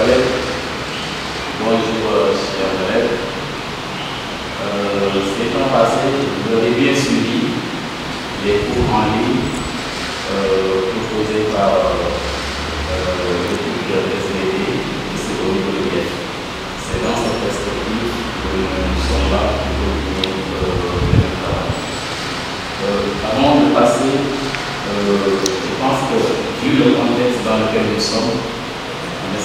Bonjour, Bonjour, euh, cher Valette. Euh, ces temps passés, vous avez bien suivi les cours en ligne euh, proposés par euh, le public de SVD et c'est au niveau C'est dans cette perspective que nous sommes là pour vous euh, Avant de passer, je pense que vu le contexte dans lequel nous sommes,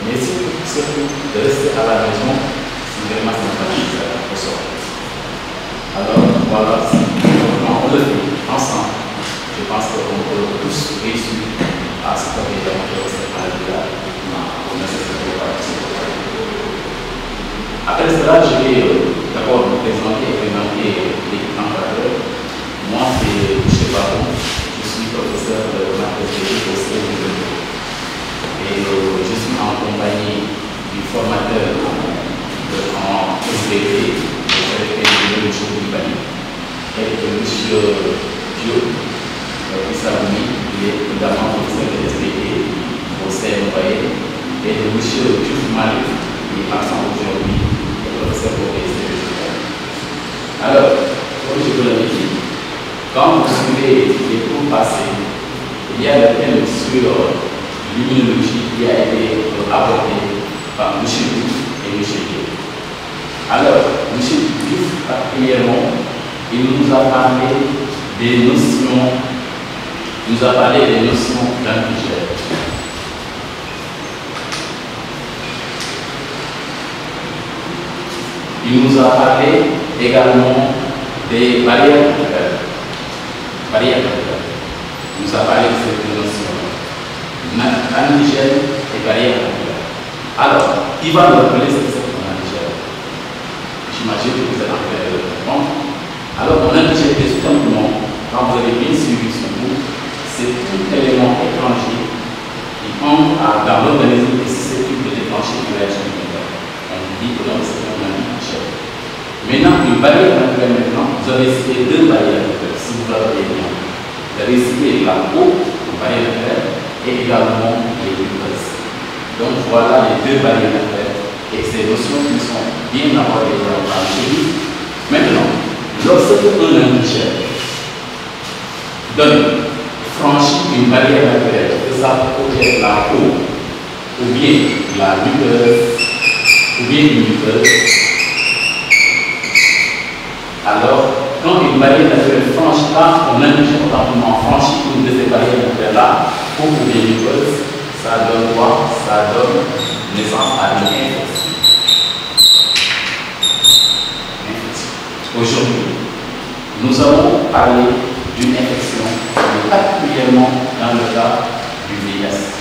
Mais si surtout de rester à la maison, c'est vraiment sympathique au sort. Alors voilà, on le fait ensemble. Je pense qu'on peut tous réussir à se protéger de cette année là Après cela, je vais euh, d'abord vous présenter et présenter les encadreur. Moi, c'est Boucher Baron, je suis professeur de la au CEU. Et euh, accompagné du formateur en SVT, le directeur de l'Union et de M. Pio Issaoui, euh, il est notamment professeur de SVT au CMOE, et de M. Diouf Malik, qui est absent aujourd'hui, professeur au SVT. Alors, comme je vous l'avais dit, quand vous suivez les cours passés, il y a le thème sur l'immunologie qui a été apportée par M. Diouf et M. Diouf. Alors, M. Diouf, particulièrement, il nous a parlé des notions, il nous a parlé des notions Il nous a parlé également des barrières barrières Il nous a parlé de cette notion un Niger et Gaïa. Alors, qui va nous rappeler ce que c'est qu'on a Niger. J'imagine que vous allez en le de Alors, on a déjà été simplement, quand vous avez bien suivi ce cours, c'est tout élément étranger qui entre dans l'organisme et susceptible de déclencher de réaction On dit que c'est un ami Maintenant, une barrière naturelle, maintenant, vous avez cité deux barrières si vous l'avez bien. Vous avez cité la haute barrière naturelle également les dépresses. Donc voilà les deux barrières en et ces notions qui sont bien abordées dans la Maintenant, lorsque un indigène donne, franchit une barrière naturelle, que ça peut être la peau, ou bien la luteuse ou bien une luteuse, alors quand une barrière naturelle franchit, quand on indigène, franchit une de ces barrières naturelles-là, pour délivreuse, ça donne quoi Ça donne naissance à une Aujourd'hui, nous allons parler d'une infection, particulièrement dans le cas du VIH.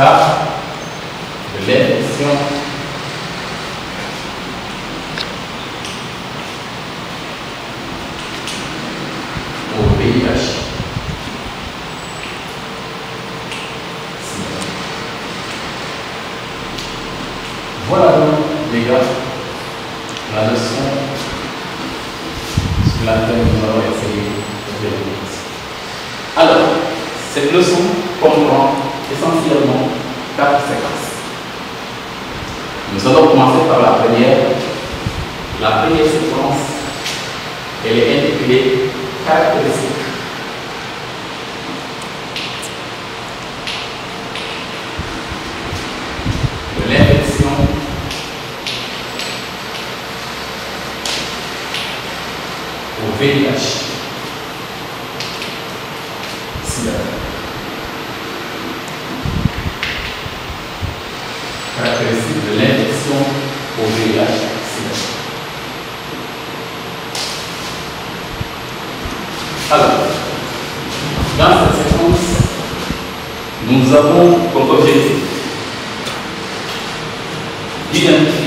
tá? Seigneur. Caractéristique de l'infection au VIH, Seigneur. Alors, dans cette séquence, nous avons comme objectif d'identifier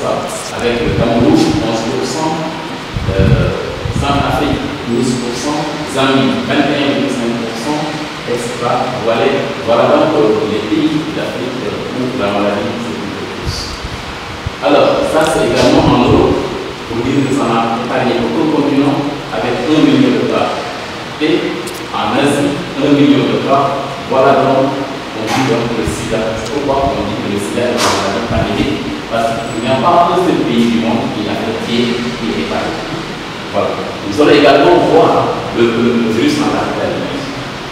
Avec le Cameroun, 11%, euh, Centrafrique, 12%, Zambie, 21,5%, extra, Voilà, voilà donc euh, les pays d'Afrique euh, où la maladie se plus. Alors, ça c'est également en Europe. pour dire que ça n'a épargné le continent avec 1 million de cas. Et en Asie, 1 million de cas. Voilà donc, on dit donc le sida. pourquoi on dit que le sida est une maladie pandémique. Parce qu'il n'y a pas que ce pays du monde qui le pied qui est épargné. Voilà. Nous allons également voir le, bus virus en arrière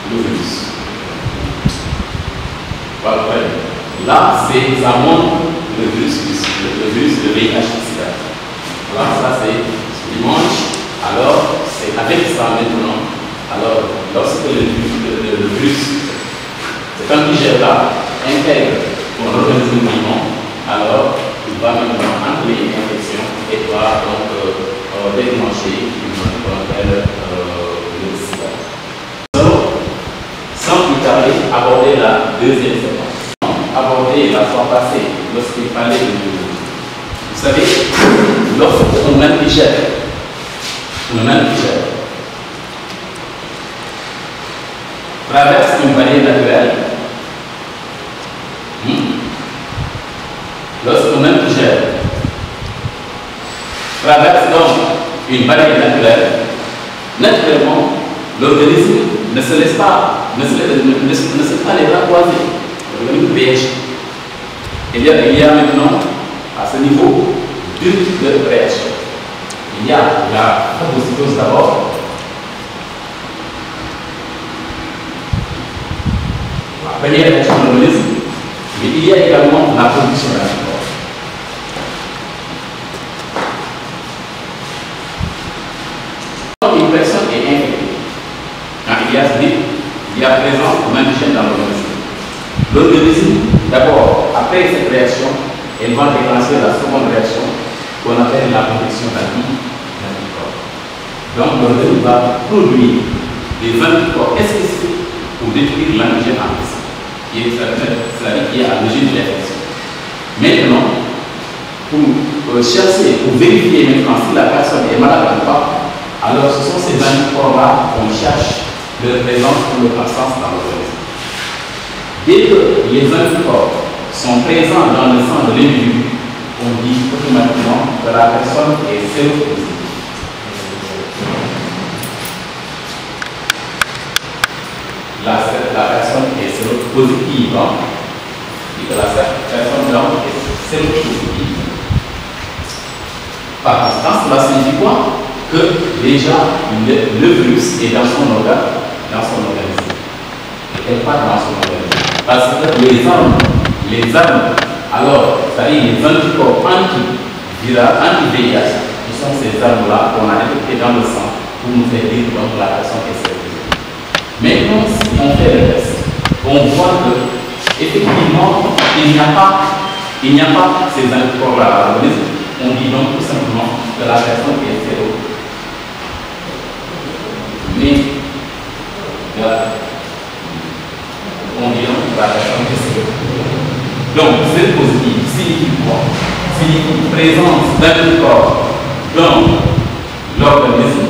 le virus. Voilà. Là, c'est ça le virus, le, virus de vih Voilà, ça c'est ce mange. Alors, c'est avec ça maintenant. Alors, lorsque le, bus, le virus, c'est un là intègre mon organisme vivant, alors va maintenant entrer une infection et va donc euh, euh, déclencher une qu'on appelle le sida. sans plus tarder, aborder la deuxième séquence. Aborder la fois passée, lorsqu'il fallait de. Vous savez, lorsqu'on indigère, on indigère, traverse une barrière naturelle, hmm? lorsqu'on traverse donc une barrière naturelle, naturellement, l'organisme ne se laisse pas, ne se, laisse pas les bras croisés. L'organisme Il y, a, il y a maintenant, à ce niveau, deux types de Il y a la phagocytose d'abord, la première réaction de l'organisme, mais il y a également la production L'organisme, d'abord, après cette réaction, elle va déclencher la seconde réaction qu'on appelle la protection de la corps. Donc l'organisme va produire des anticorps excessifs pour détruire l'antigène en cest la vie qui est à l'origine de l'infection. Maintenant, pour euh, chercher, pour vérifier maintenant si la personne est malade ou pas, alors ce sont ces anticorps-là qu'on cherche leur présence ou leur absence dans l'organisme. Dès que les anticorps sont présents dans le sang de l'individu, on dit automatiquement que la personne est séropositive. La, personne est séropositive. Hein. Et que la personne est séropositive. Par conséquent, cela signifie quoi Que déjà, le, virus est dans son organe, dans son organisme. Et pas dans son organe. Parce que les âmes, les âmes, alors, c'est-à-dire les anticorps anti-VIH, anti ce sont ces âmes là qu'on a injectées dans le sang pour nous aider contre la personne est sérieuse. Maintenant, si on fait le test, on voit que effectivement, il n'y a pas, il n'y a pas ces anticorps-là. On dit donc tout simplement que la personne est sérieuse. Mais, là. Euh, combien va Donc, c'est positif signifie une présence d'un corps dans l'organisme.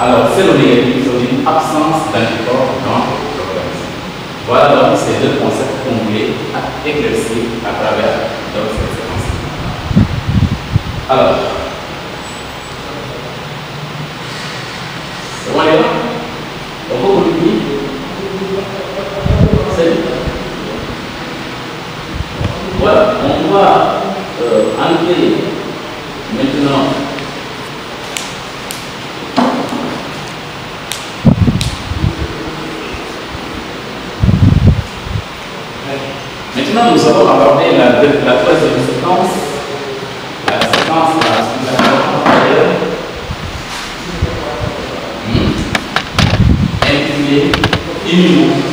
Alors, c'est le négatif, c'est une absence d'un corps dans l'organisme. Voilà donc ces deux concepts qu'on voulait éclaircir à travers donc, cette séquence. Alors, c'est bon les on va maintenant Maintenant, nous avons abordé la, la troisième séquence, la séquence la, la, la,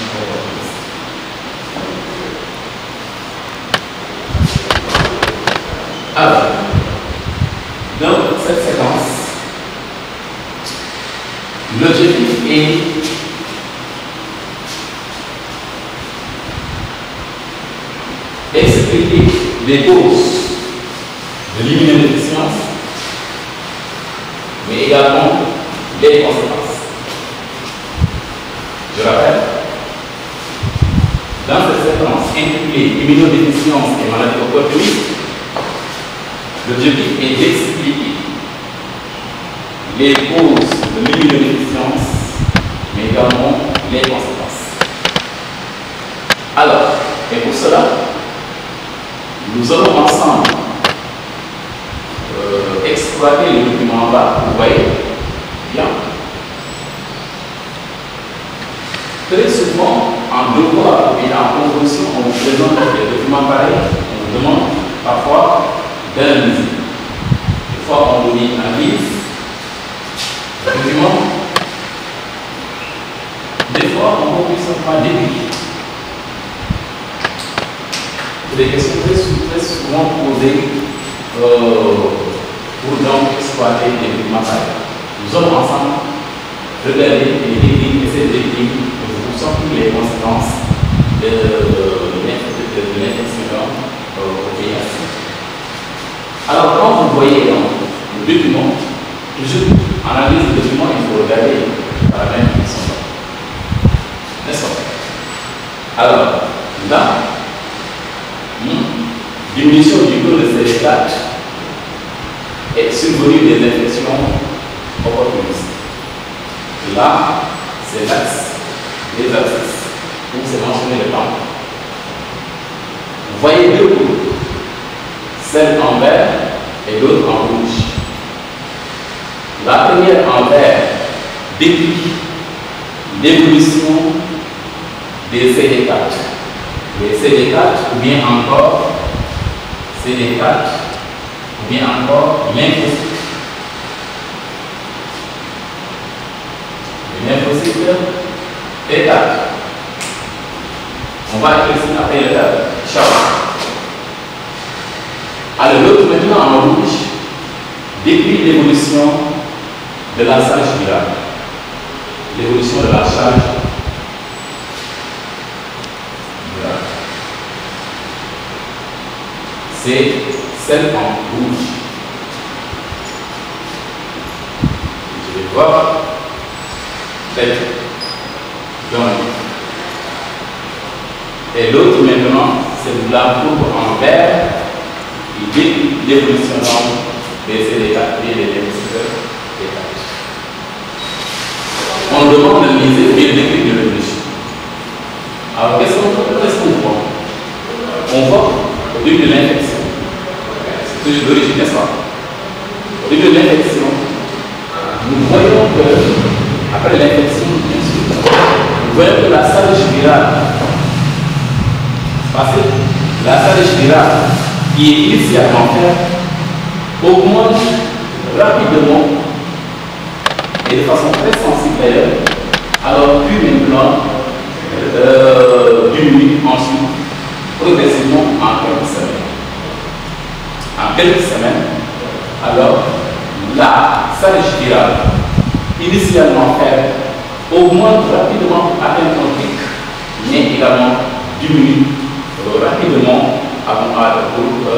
Nous sommes ensemble. Je vais aller et ces écrits vous sortir les conséquences de l'infection euh, au Alors, quand vous voyez le document, je analyse le document et vous regardez par la même façon. N'est-ce pas Alors, là, hmm, diminution du taux de célestate est survenue des infections Là, c'est l'axe des axes où c'est mentionné le temps. Vous voyez deux groupes. celle en vert et l'autre en rouge. La première en vert décrit l'évolution des CD4. Les CD4 ou bien encore CD4 ou bien encore l'infrastructure lymphocyte étape. On va la appeler le charge. Alors l'autre maintenant en rouge décrit l'évolution de la charge virale. L'évolution de la charge virale. C'est celle en rouge. Je vais voir faites, Et l'autre maintenant, c'est de la couvre en vert qui dit l'évolution des élèves et des investisseurs On demande de miser le début de l'évolution. Alors qu'est-ce qu'on voit On voit au début de l'infection. C'est l'origine, n'est-ce pas Au début de l'infection, nous voyons que après l'infection, bien sûr, vous voyez que la salle spirale, parce que la salle spirale qui est ici à l'enfer augmente rapidement et de façon très sensible alors plus maintenant, euh, d'une minute ensuite progressivement en quelques semaines. En quelques semaines, alors la salle spirale initialement faible, augmente rapidement à atteindre mais également diminue rapidement avant pour,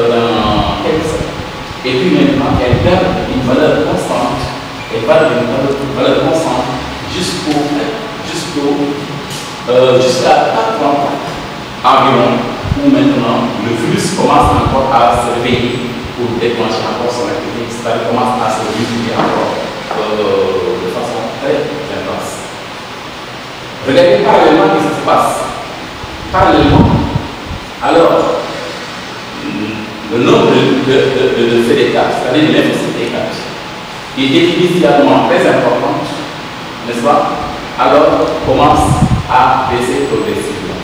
quelques Et puis maintenant, elle perd une valeur constante, elle perd une valeur, une valeur constante jusqu'au jusqu'au euh, jusqu'à 4 environ, où maintenant le virus commence encore à se réveiller pour déclencher encore son activité, ça commence à se multiplier encore. Euh, Regardez parallèlement ce qui se passe. Parallèlement, alors, le nombre de, de, de, c'est-à-dire les cd 4 qui est initialement très importante, n'est-ce pas, alors commence à baisser progressivement.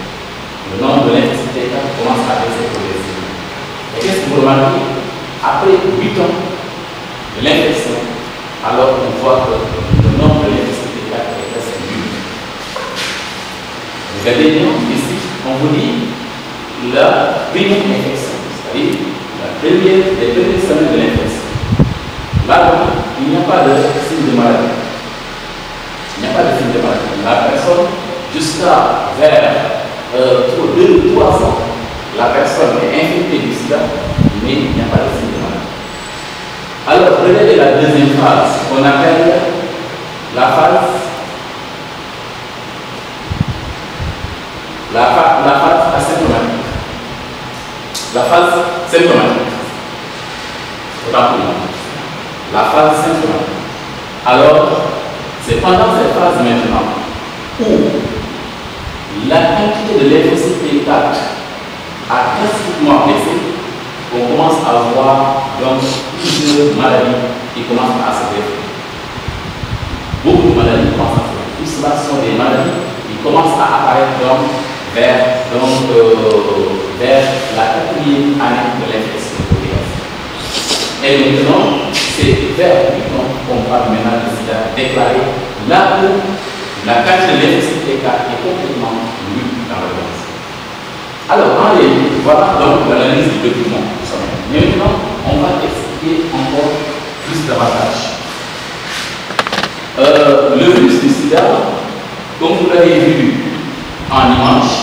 Le nombre de linfo cd commence à baisser progressivement. Et qu'est-ce que vous remarquez Après 8 ans de l'infection, alors on voit que le nombre de Galiléen ici, on vous dit la première infection, c'est-à-dire la première, des premiers semaines de l'infection. là donc, il n'y a pas de signe de maladie. Il n'y a pas de signe de maladie. La personne, jusqu'à vers 2 ou 3 ans, la personne est infectée du sida, mais il n'y a pas de signe de maladie. Alors, regardez la deuxième phase, qu'on appelle la phase la, phase asymptomatique. La phase symptomatique. Autant La phase symptomatique. Alors, c'est pendant cette phase maintenant où la quantité de lymphocytes T4 a drastiquement baissé qu'on commence à voir donc plusieurs maladies qui commencent à se développer. Beaucoup de maladies commencent à se Tout cela sont des maladies qui commencent à apparaître comme vers, donc, euh, vers la quatrième année de l'infection Et maintenant, c'est vers le qu'on parle maintenant de sida déclaré là où la carte de l'infection est complètement nulle dans le monde. Alors, en les voilà donc l'analyse du document. Maintenant, on va expliquer encore plus davantage. Euh, le virus du sida, comme vous l'avez vu en dimanche.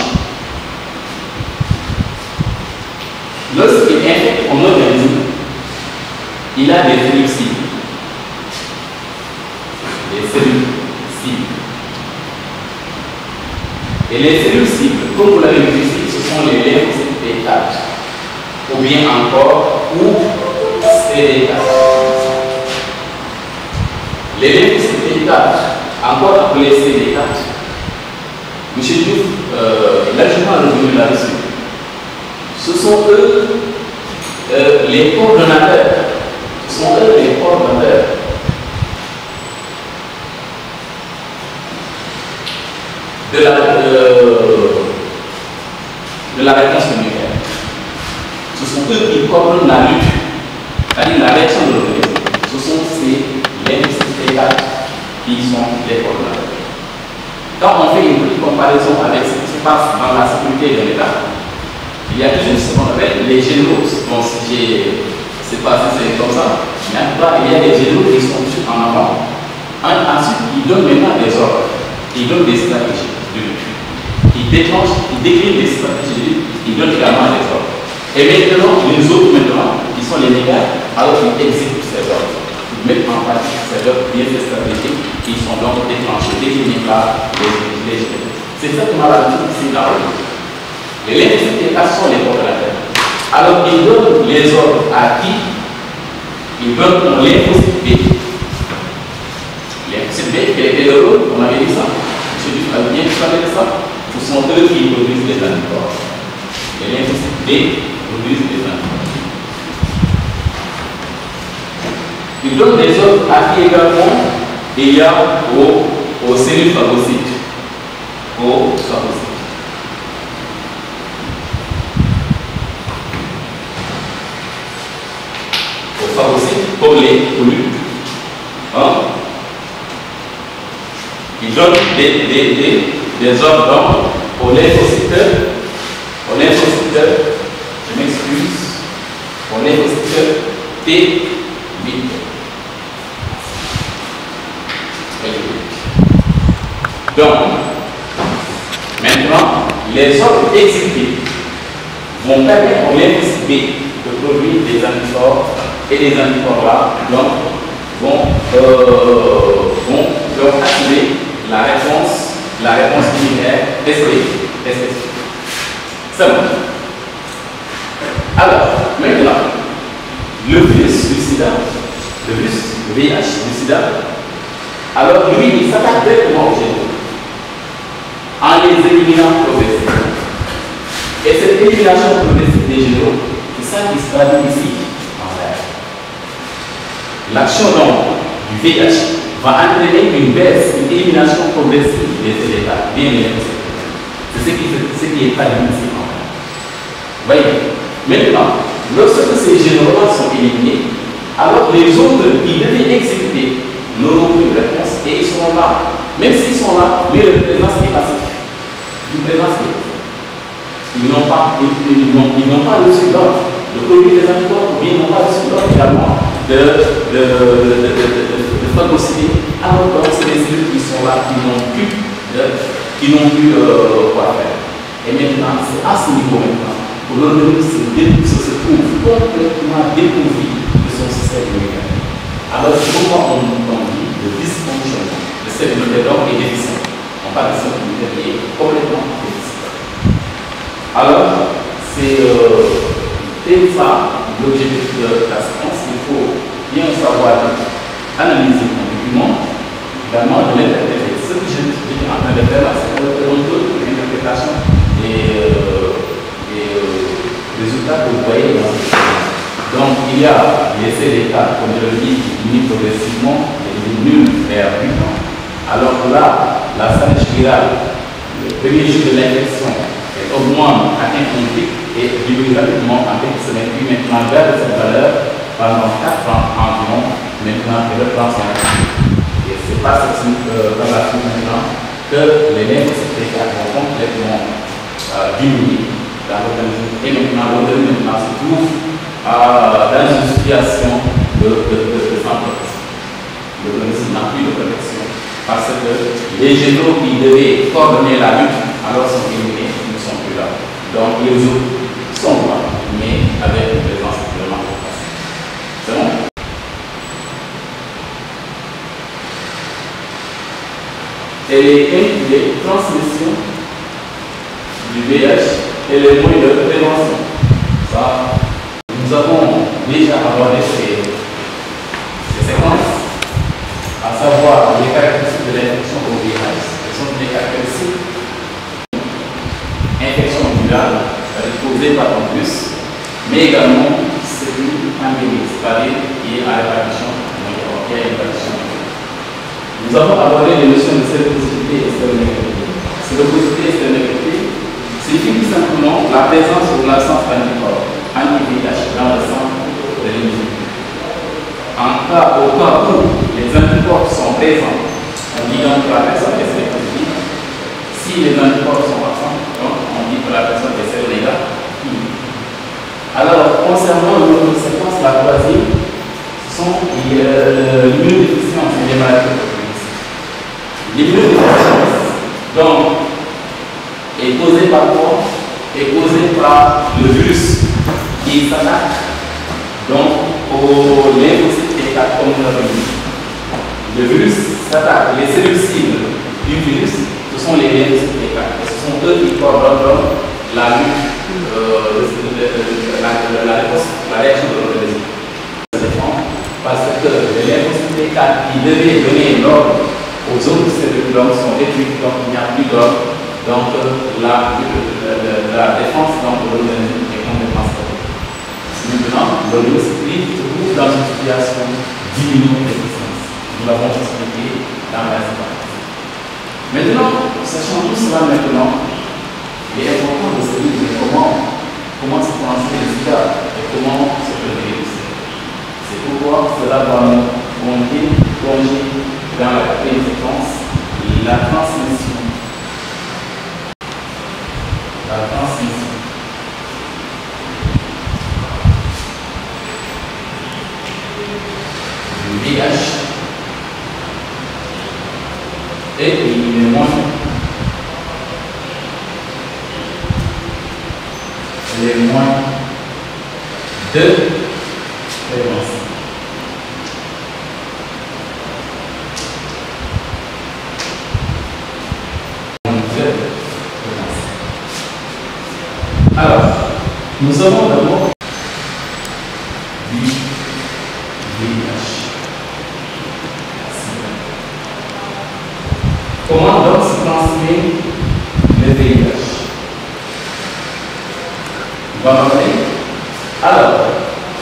Lorsqu'il est homoganisé, il a des cellules cibles. Des cellules cibles. Et les cellules cibles, comme vous l'avez vu ici, ce sont les lèvres tâches. ou bien encore, ou cérétales. Les lèvres tâches, encore appelées cérétales, Monsieur Diouf, euh, largement revenu là-dessus. Ce sont eux euh, les coordonnateurs. Ce sont eux les coordonnateurs. De la, euh, de la Ce sont eux qui coordonnent la lutte, c'est-à-dire la réaction de l'ONU. Ce sont ces, les qui sont les coordonnateurs. Quand on fait une petite comparaison avec ce qui se passe dans la sécurité de l'État, il y a toujours ce qu'on appelle les généraux. Bon, si je ne sais pas c'est comme ça, il y a des généraux qui sont tous en avant. Ensuite, ils donnent maintenant des ordres, ils donnent des stratégies de lutte. Ils déclenchent, ils décrivent des stratégies de lutte, ils donnent également des ordres. Et maintenant, les autres, maintenant, qui sont les négats, alors qu'ils exécutent cest en place ces offres stratégiques qui sont donc déclenchées, définis par les, jeunes. C'est cette maladie qui s'est dans le Les lingues là sont les portes de la Alors ils donnent les ordres à qui Ils veulent qu'on les B Les CB, les l'autre, on avait dit ça. Monsieur du il bien que ça. Ce sont eux qui produisent les animaux. Les B produisent les animaux. Il donne des à qui également ayant aux, aux cellules phagocytes. Aux phagocytes. Aux phagocytes, comme les polypes. Hein? Il donne des, des, des, des hommes donc aux lymphocytes, aux lymphocytes, je m'excuse, aux lymphocytes T Donc, maintenant, les autres exécutés vont permettre aux l'indice B de produire des anticorps et des anticorps là, donc, vont, euh, attirer la réponse, la réponse immunitaire SP. C'est bon. Alors, maintenant, le virus du le virus VIH du sida, alors lui, il s'attaque directement au génome en les éliminant progressivement. Et cette élimination progressive des généraux, c'est ça qui se traduit ici en vert L'action donc du VH va entraîner une baisse, une élimination progressive des éléments, bien C'est ce qui, ce qui est traduit ici en Vous Voyez, maintenant, lorsque ces généraux là sont éliminés, alors les autres qui devaient exécuter n'auront plus de réponse et ils sont là. Même s'ils sont là, mais le présence est passé ils n'ont pas, le d'or, de produire des anticorps, mais ils n'ont pas le succès également de, de, phagocyter. Alors que c'est des cellules qui sont là, qui n'ont plus, euh, quoi faire. Et maintenant, c'est à ce niveau maintenant que l'organisme se trouve complètement dépourvu de son système immunitaire. Alors, pourquoi on, dit le dysfonctionnement Le système immunitaire complètement triste. Alors, c'est euh, ça l'objectif de la science. Il faut bien savoir analyser un document, également de l'interpréter. Ce que je suis en train de faire une c'est l'interprétation et, et euh, euh, résultats que vous voyez dans donc il y a laissé l'État, comme je le dis, ni progressivement, et ni nul Alors que là, la salle spirale, le premier jour de l'injection, augmente à un et diminue rapidement avec ce puis maintenant vers cette valeur pendant 4 ans environ. Maintenant, elle s'est son Et c'est pas cette relation maintenant que les lymphocytes vont complètement euh, diminuer dans l'organisme. Et maintenant, l'organisme se trouve dans une situation de parce que les généraux qui devaient coordonner la lutte alors sont éliminés, ne sont plus là. Donc les autres sont là, mais avec une présence vraiment C'est bon Et les transmissions du VH et le moyens de prévention. Ça, nous avons déjà abordé ces à savoir les caractéristiques de l'infection au VIH. qui sont des caractéristiques infection virale, c'est-à-dire causée par un virus, mais également celui endémique, c'est-à-dire qui est à répartition, donc qui est à répartition. Nous avons abordé les notions de séropositivité et séronégalité. Séropositivité et séronégalité signifie tout simplement la présence ou l'absence corps, anti-VIH dans le sang de l'individu. En cas, au cas où 20 corps sont présents, on dit donc que la personne est séropositive. Si les 20 sont absents, on dit que la personne est séronégative. Alors, concernant de séquence la troisième, sont euh, l'immunodéficience et les maladies de L'immunodéficience, donc, est causée par quoi Est causée par le virus qui s'attaque donc au lymphocytes comme l'a vie. Le virus s'attaque, les cellules cibles du virus, ce sont les mêmes Et ce sont eux qui coordonnent la lutte, euh, la, réaction de l'organisme. Parce que les liens de 4 qui devaient donner l'ordre aux autres cellules donc sont détruites, donc il n'y a plus d'ordre. Donc euh, la, euh, la défense de l'organisme est complètement Maintenant, l'organisme se trouve dans une situation diminuée nous l'avons expliqué dans la partie. Maintenant, sachant tout cela maintenant, il est important de se dire comment, comment se transmet le sida et comment se prévenir. C'est pourquoi cela va nous conduire, plonger dans la préférence, la transmission. La transmission. Le VH et il moins, les moins de deux. Alors, nous avons Comment donc se transmet le VIH Vous m'entendez Alors,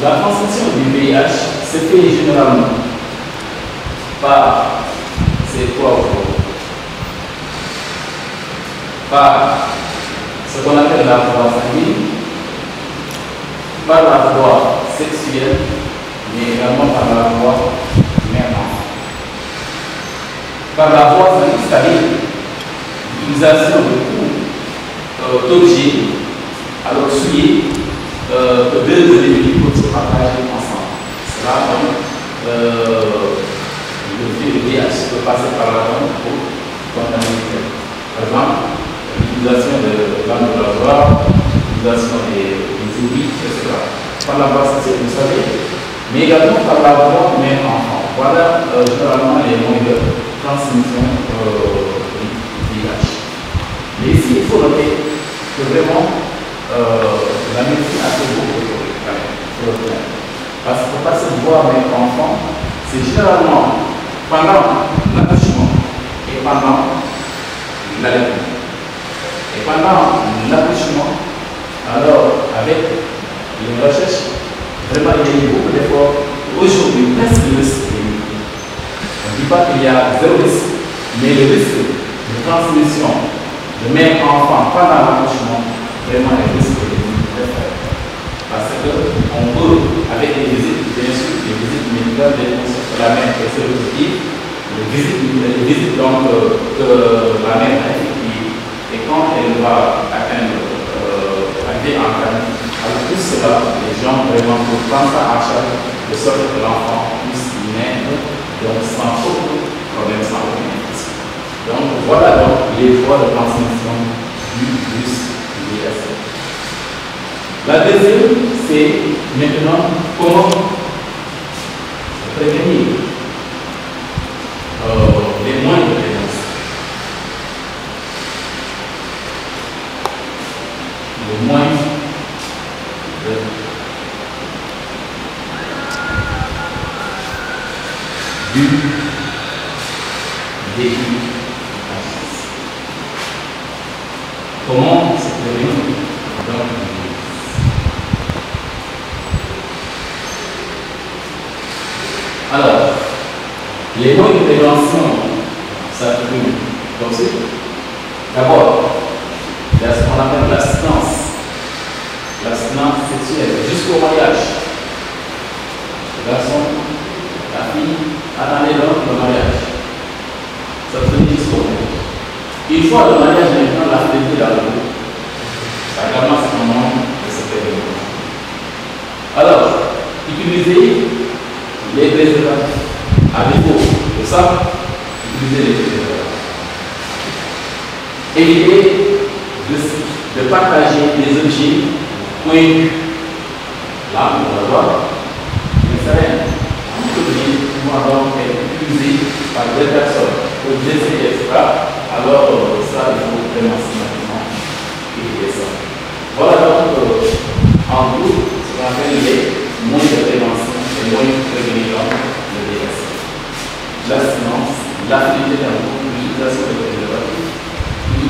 la transmission du VIH se fait généralement par ces trois par ce qu'on appelle la voie sanguine, par la voie sexuelle, mais également par la voie par la voie vous savez, l'utilisation de cours euh, d'objets, alors souillés, euh, de deux individus pour se partager ensemble. Cela donc, euh, le fait de ah, passer par la voie, pour Par exemple, l'utilisation de la voie, l'utilisation des, outils, etc. Par la voie c'est vous savez, mais également par la voie même enfant. Voilà euh, généralement les moyens dans du village. Mais ici, il faut noter que vraiment, euh, la médecine a fait beaucoup de Parce qu'on pas se voir avec enfants, c'est généralement pendant l'accouchement et pendant la l'allaitement. Et pendant l'accouchement, alors avec les recherches, vraiment il y a eu beaucoup d'efforts. Aujourd'hui, presque le je ne dis pas qu'il y a zéro risque, mais le risque de transmission de mère enfant pendant l'accouchement, vraiment le risque est très faible. Parce qu'on peut, avec les visites, bien sûr, les visites médicales, des visites de la mère et sérologiques, les visites, les donc, euh, que la mère a effectuées, et quand elle va atteindre, euh, en famille, avec tout cela, les gens vraiment peuvent prendre ça à chaque de sorte que l'enfant donc, sans faute, problème sans question. Donc, voilà donc les voies de transmission du bus ISF. La deuxième, c'est maintenant comment prévenir et l'idée de, partager des objets que Là, on va voir, mais ça rien. Tout objet pourra donc être utilisé par des personnes. Objet, c'est extra. Alors, euh, ça, il faut vraiment maintenant et ça. Voilà donc, euh, en gros, ce qu'on appelle les moyens de prévention et moyens de prévention de dégâts. La science, l'affinité d'un groupe, l'utilisation de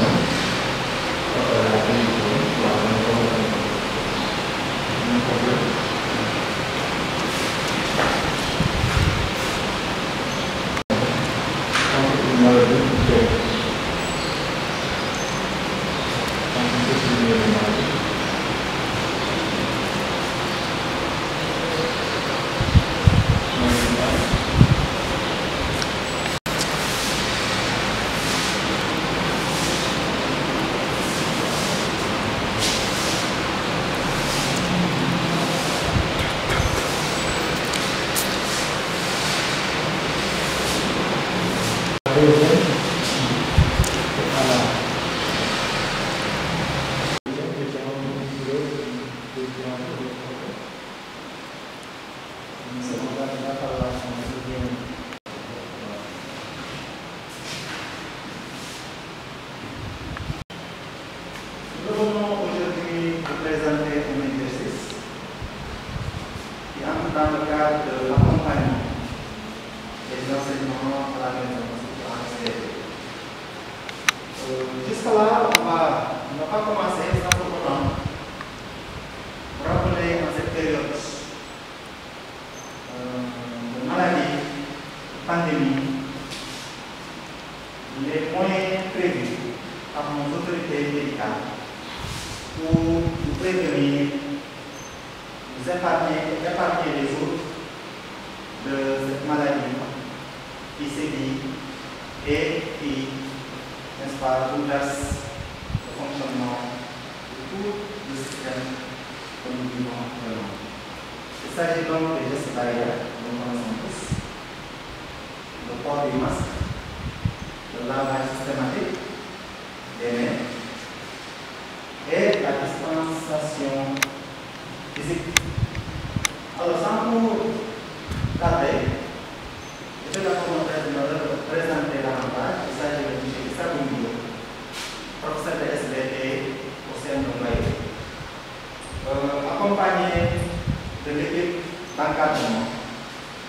Thank you. Amen.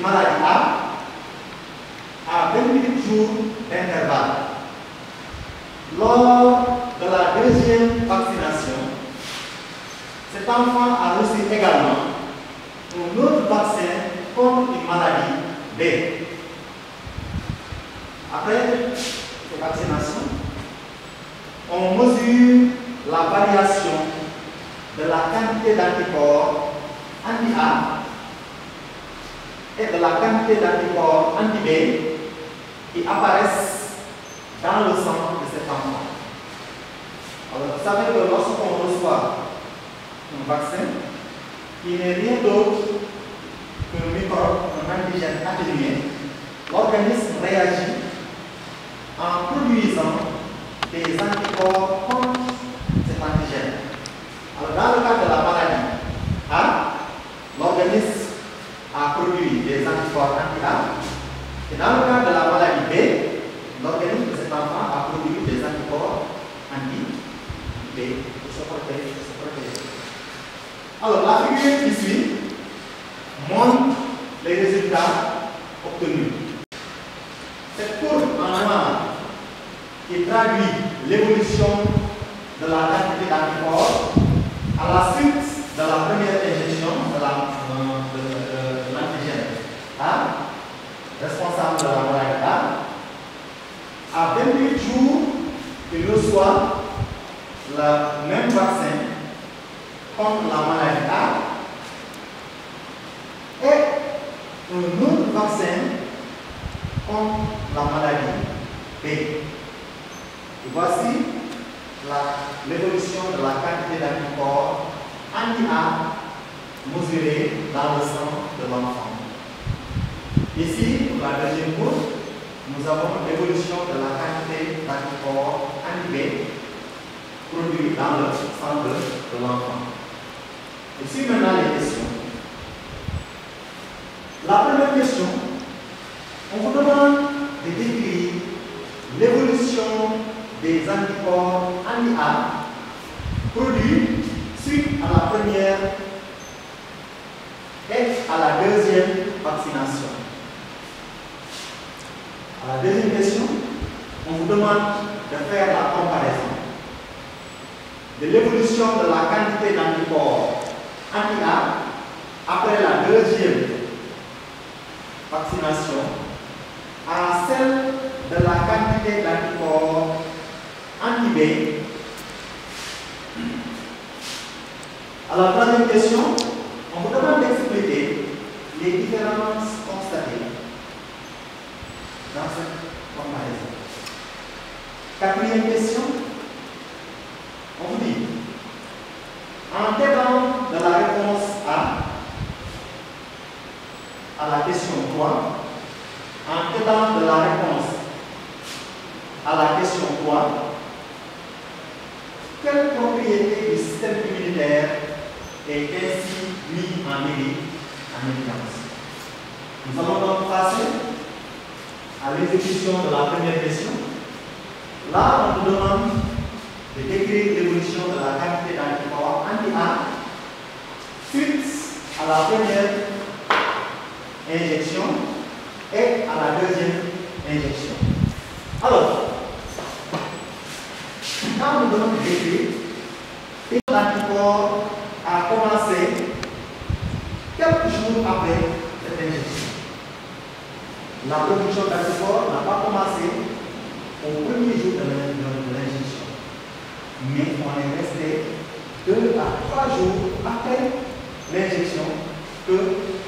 maladie A à 28 jours d'intervalle. Lors de la deuxième vaccination, cet enfant a reçu également un autre vaccin contre une maladie B. Après ces vaccinations, on mesure la variation de la quantité d'anticorps anti-A et de la quantité d'anticorps antibé qui apparaissent dans le sang de cet enfant. Alors, vous savez que lorsqu'on reçoit un vaccin, il n'est rien d'autre qu'un micro un antigène atténué. L'organisme réagit produit suite à la première et à la deuxième vaccination. À la deuxième question, on vous demande de faire la comparaison de l'évolution de la quantité d'anticorps anti-A après la deuxième vaccination à celle de la quantité d'anticorps anti-B Alors, la troisième question, on vous demande d'expliquer les différences constatées dans cette comparaison. Quatrième question, on vous dit, en dépendant de la réponse A à la question 3, en dépendant de la réponse à la question 3, quelle propriété du système immunitaire est ainsi mis en évidence. Nous allons donc passer à l'exécution de la première question. Là, on nous demande de décrire l'évolution de la quantité d'anticorps anti-A suite à la première injection et à la deuxième injection. Alors, quand on nous demande de décrire, l'anticorps après cette injection. La production d'anticorps n'a pas commencé au premier jour de l'injection, mais on est resté deux à trois jours après l'injection que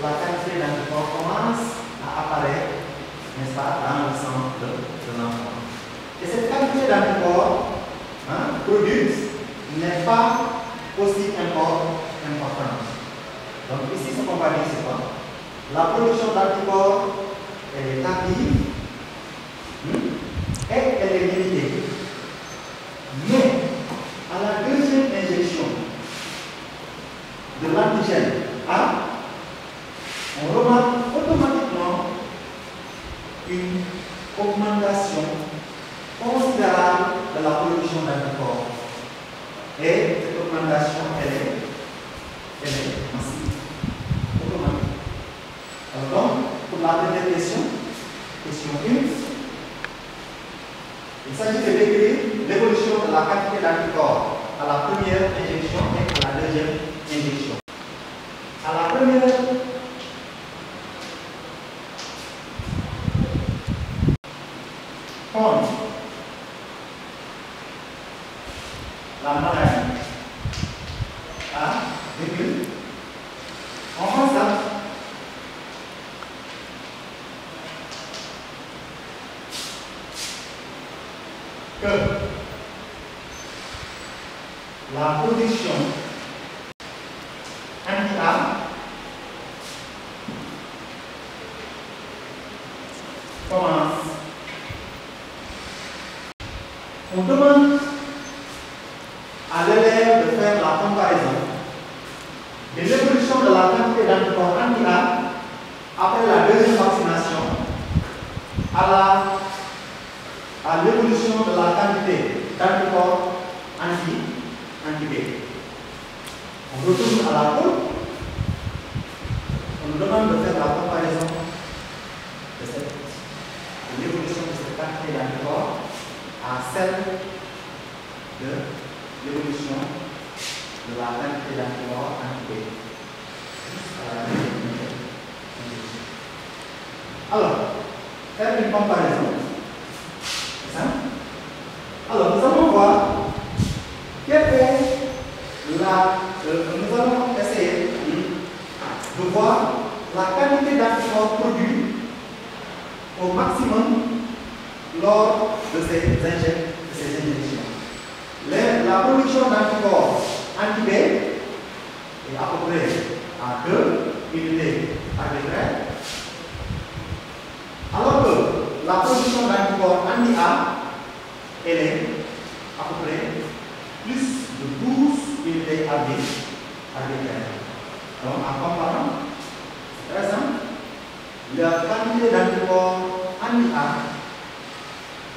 la quantité d'anticorps commence à apparaître, dans le sang de, l'enfant. Et cette quantité d'anticorps hein, produite n'est pas aussi importante. Donc ici, ce qu'on va dire, c'est quoi La production d'anticorps, elle est active hmm, et elle est limitée. Mais à la deuxième injection de l'antigène A, on remarque automatiquement une augmentation considérable de la production d'anticorps. Et cette augmentation, elle est, elle donc, pour la deuxième question, question 1, il s'agit de décrire l'évolution de la quantité d'anticorps à la première injection et à la deuxième injection. condição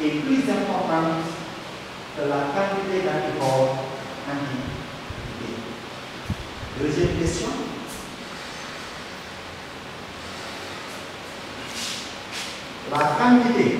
est plus importante que la quantité d'anticorps anti Deuxième question. La quantité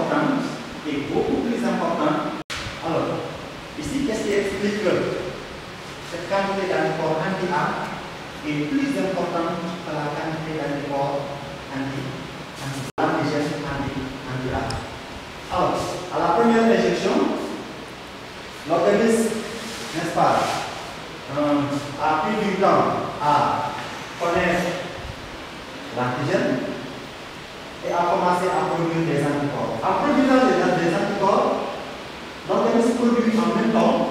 importante e pouco que importante. Alors, ici, qu'est-ce qui explique que cette quantité d'anticorps anti-A est plus importante que la quantité d'anticorps anti-A, antigène anti Alors, à la première injection, l'organisme, n'est-ce pas, euh, a pris du temps à connaître l'antigène et a commencé à produire des anticorps. Après produisant des, anticorps, l'organisme produit en même temps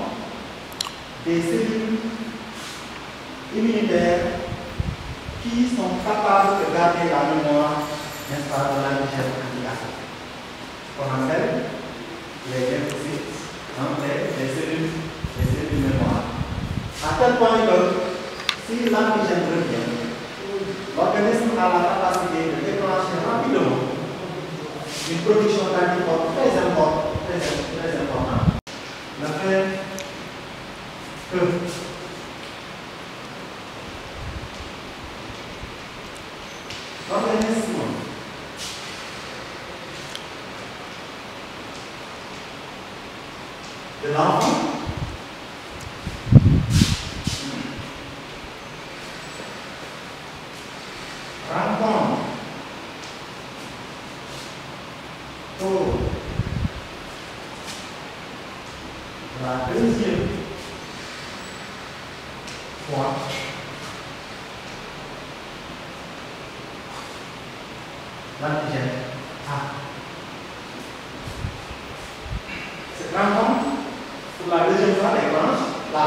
des cellules immunitaires qui sont capables de garder la mémoire, n'est-ce pas, de la légère Qu'on appelle les lymphocytes, hein, les, cellules, les cellules mémoire. À tel point que si l'antigène revient, l'organisme a la capacité de déclencher rapidement une production d'anticorps très importante, très, très importante. La que Ah. C'est j'aime. pour la deuxième fois, la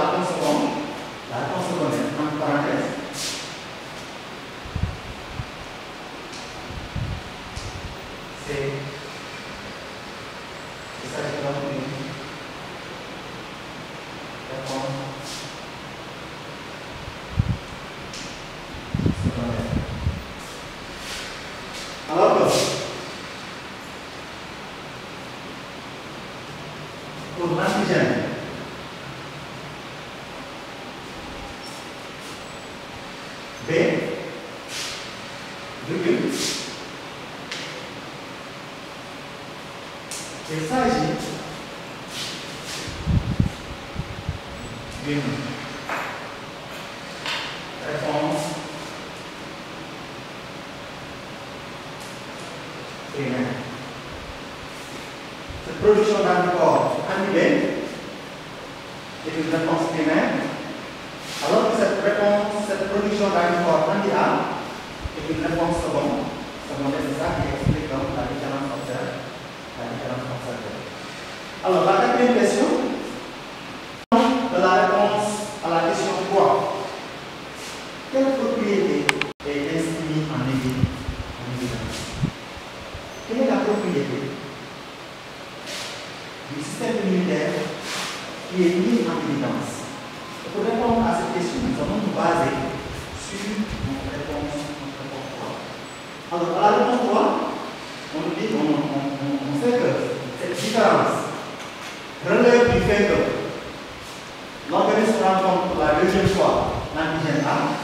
aprisionado igual du système immunitaire qui est mis en évidence. Pour répondre à cette question, nous allons nous baser sur notre réponse, 3. Alors, à la réponse 3, on, dit, on, sait que cette différence relève du fait que l'organisme rencontre pour la deuxième fois l'antigène A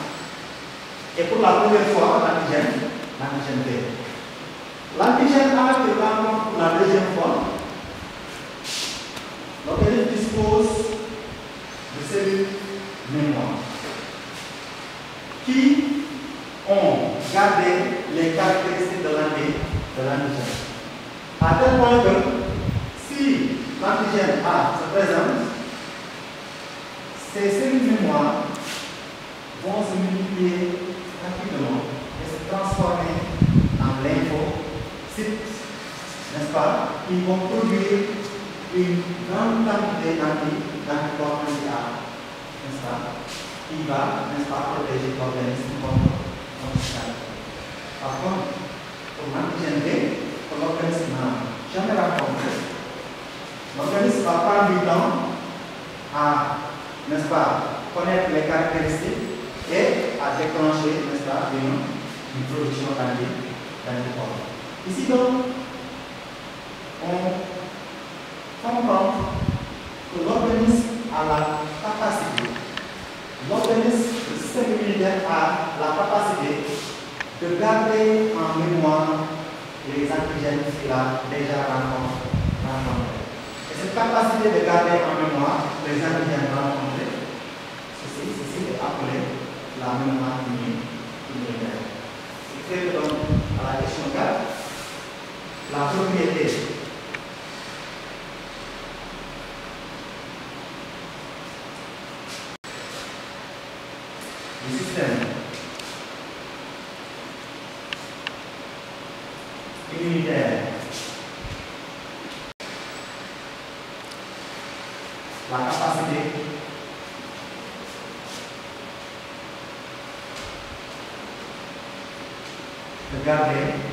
et pour la première fois l'antigène B. L'antigène A qui rencontre pour la deuxième fois donc, L'organisme dispose de cellules mémoires qui ont gardé les caractéristiques de de l'antigène. À tel point que si l'antigène A se présente, ces cellules mémoires vont se multiplier rapidement et se transformer en lymphocytes, n'est-ce pas Ils vont produire une grande quantité d'anticorps d'anticorps n'est-ce pas, qui va, n'est-ce pas, protéger l'organisme contre Par contre, pour l'antigène pour l'organisme n'a jamais rencontré. L'organisme va prendre du temps à, n'est-ce pas, connaître les caractéristiques et à déclencher, n'est-ce pas, une, une production Ici donc, on comprendre que l'organisme a la capacité, l'organisme système immunitaire a la capacité de garder en mémoire les antigènes qu'il a déjà rencontrés. Et cette capacité de garder en mémoire les antigènes rencontrés, ceci, ceci est appelé la mémoire immunitaire. C'est donc à la question 4, la propriété resistance militer la capacité de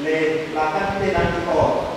le, la catena di oro